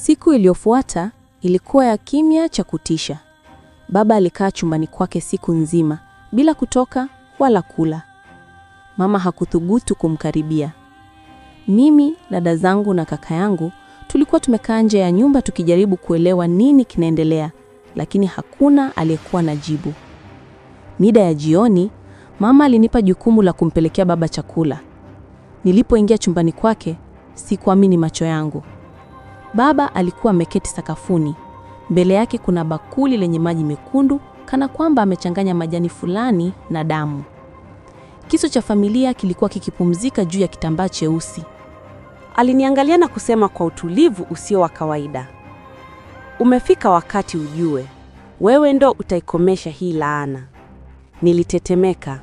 Siku iliyofuata ilikuwa ya kimya cha kutisha. Baba alikaa chumbani kwake siku nzima bila kutoka wala kula. Mama hakuthubutu kumkaribia. Mimi, dada zangu na kaka yangu tulikuwa tumekaa nje ya nyumba tukijaribu kuelewa nini kinaendelea, lakini hakuna aliyekuwa na jibu. Mida ya jioni, mama alinipa jukumu la kumpelekea baba chakula. Nilipoingia chumbani kwake, sikuamini macho yangu. Baba alikuwa ameketi sakafuni. Mbele yake kuna bakuli lenye maji mekundu, kana kwamba amechanganya majani fulani na damu. Kisu cha familia kilikuwa kikipumzika juu ya kitambaa cheusi. Aliniangalia na kusema kwa utulivu usio wa kawaida, umefika wakati ujue, wewe ndo utaikomesha hii laana. Nilitetemeka.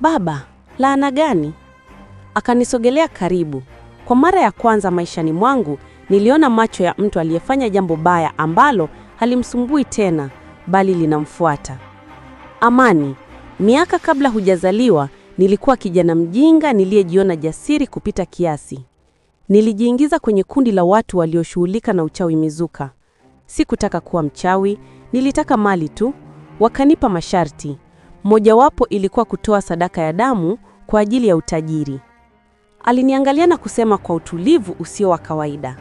Baba, laana gani? Akanisogelea karibu. Kwa mara ya kwanza maishani mwangu Niliona macho ya mtu aliyefanya jambo baya ambalo halimsumbui tena bali linamfuata. Amani, miaka kabla hujazaliwa, nilikuwa kijana mjinga niliyejiona jasiri kupita kiasi. Nilijiingiza kwenye kundi la watu walioshughulika na uchawi mizuka. Sikutaka kuwa mchawi, nilitaka mali tu. Wakanipa masharti. Mojawapo ilikuwa kutoa sadaka ya damu kwa ajili ya utajiri. Aliniangalia na kusema kwa utulivu usio wa kawaida.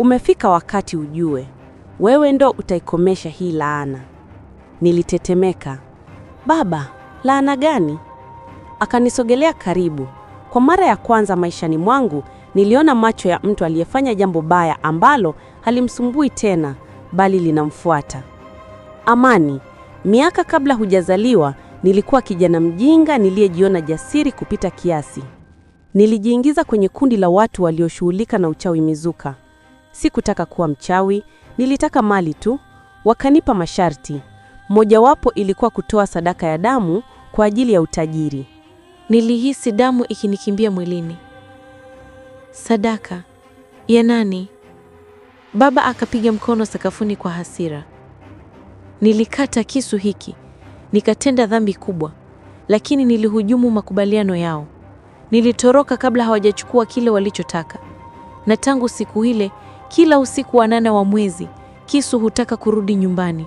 Umefika wakati ujue, wewe ndo utaikomesha hii laana. Nilitetemeka. Baba, laana gani? Akanisogelea karibu. Kwa mara ya kwanza maishani mwangu niliona macho ya mtu aliyefanya jambo baya ambalo halimsumbui tena, bali linamfuata. Amani, miaka kabla hujazaliwa nilikuwa kijana mjinga niliyejiona jasiri kupita kiasi. Nilijiingiza kwenye kundi la watu walioshughulika na uchawi mizuka. Sikutaka kuwa mchawi, nilitaka mali tu. Wakanipa masharti, mojawapo ilikuwa kutoa sadaka ya damu kwa ajili ya utajiri. Nilihisi damu ikinikimbia mwilini. Sadaka ya nani? Baba akapiga mkono sakafuni kwa hasira. Nilikata kisu hiki, nikatenda dhambi kubwa, lakini nilihujumu makubaliano yao. Nilitoroka kabla hawajachukua kile walichotaka, na tangu siku ile kila usiku wa nane wa mwezi, Kisu hutaka kurudi nyumbani.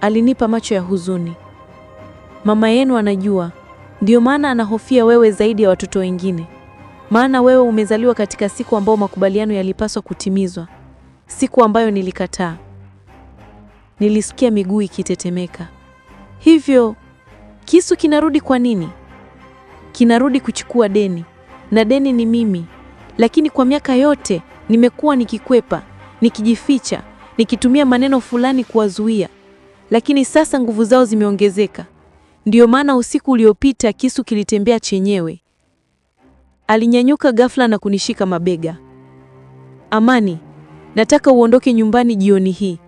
Alinipa macho ya huzuni. Mama yenu anajua, ndiyo maana anahofia wewe zaidi ya watoto wengine. Maana wewe umezaliwa katika siku ambayo makubaliano yalipaswa kutimizwa, siku ambayo nilikataa. Nilisikia miguu ikitetemeka. Hivyo kisu kinarudi kwa nini? Kinarudi kuchukua deni, na deni ni mimi lakini kwa miaka yote nimekuwa nikikwepa, nikijificha, nikitumia maneno fulani kuwazuia, lakini sasa nguvu zao zimeongezeka. Ndiyo maana usiku uliopita kisu kilitembea chenyewe. Alinyanyuka ghafla na kunishika mabega. Amani, nataka uondoke nyumbani jioni hii.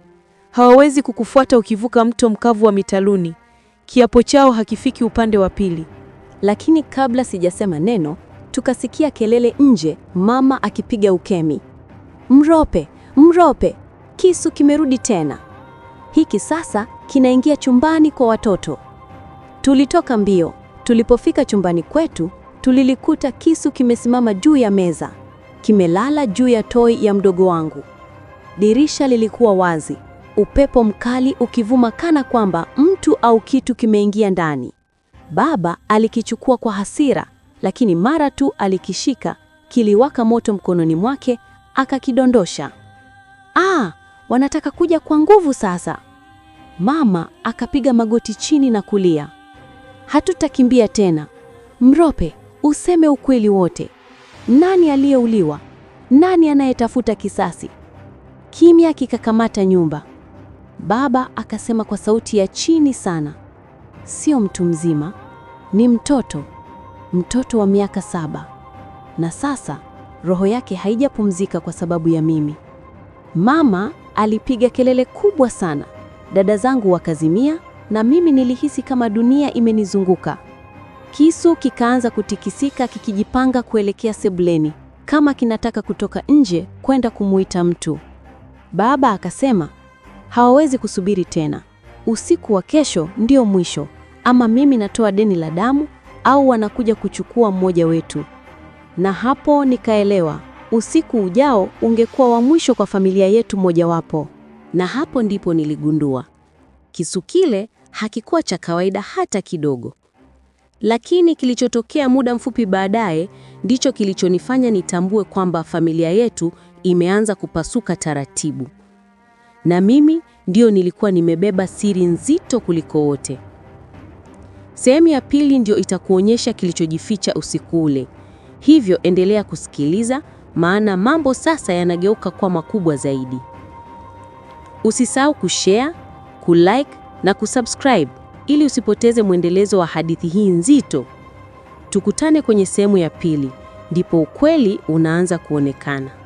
Hawawezi kukufuata ukivuka mto mkavu wa Mitaluni. Kiapo chao hakifiki upande wa pili. Lakini kabla sijasema neno tukasikia kelele nje, mama akipiga ukemi, mrope mrope, kisu kimerudi tena. Hiki sasa kinaingia chumbani kwa watoto. Tulitoka mbio. Tulipofika chumbani kwetu, tulilikuta kisu kimesimama juu ya meza, kimelala juu ya toi ya mdogo wangu. Dirisha lilikuwa wazi, upepo mkali ukivuma kana kwamba mtu au kitu kimeingia ndani. Baba alikichukua kwa hasira, lakini mara tu alikishika kiliwaka moto mkononi mwake, akakidondosha. Ah, wanataka kuja kwa nguvu sasa. Mama akapiga magoti chini na kulia, hatutakimbia tena. Mrope, useme ukweli wote. Nani aliyeuliwa? Nani anayetafuta kisasi? Kimya kikakamata nyumba. Baba akasema kwa sauti ya chini sana, sio mtu mzima, ni mtoto mtoto wa miaka saba, na sasa roho yake haijapumzika kwa sababu ya mimi. Mama alipiga kelele kubwa sana, dada zangu wakazimia, na mimi nilihisi kama dunia imenizunguka. Kisu kikaanza kutikisika kikijipanga kuelekea sebuleni kama kinataka kutoka nje kwenda kumuita mtu. Baba akasema hawawezi kusubiri tena, usiku wa kesho ndio mwisho, ama mimi natoa deni la damu au wanakuja kuchukua mmoja wetu. Na hapo nikaelewa usiku ujao ungekuwa wa mwisho kwa familia yetu mojawapo. Na hapo ndipo niligundua kisu kile hakikuwa cha kawaida hata kidogo. Lakini kilichotokea muda mfupi baadaye ndicho kilichonifanya nitambue kwamba familia yetu imeanza kupasuka taratibu, na mimi ndio nilikuwa nimebeba siri nzito kuliko wote. Sehemu ya pili ndio itakuonyesha kilichojificha usiku ule, hivyo endelea kusikiliza, maana mambo sasa yanageuka kwa makubwa zaidi. Usisahau kushare, kulike na kusubscribe ili usipoteze mwendelezo wa hadithi hii nzito. Tukutane kwenye sehemu ya pili, ndipo ukweli unaanza kuonekana.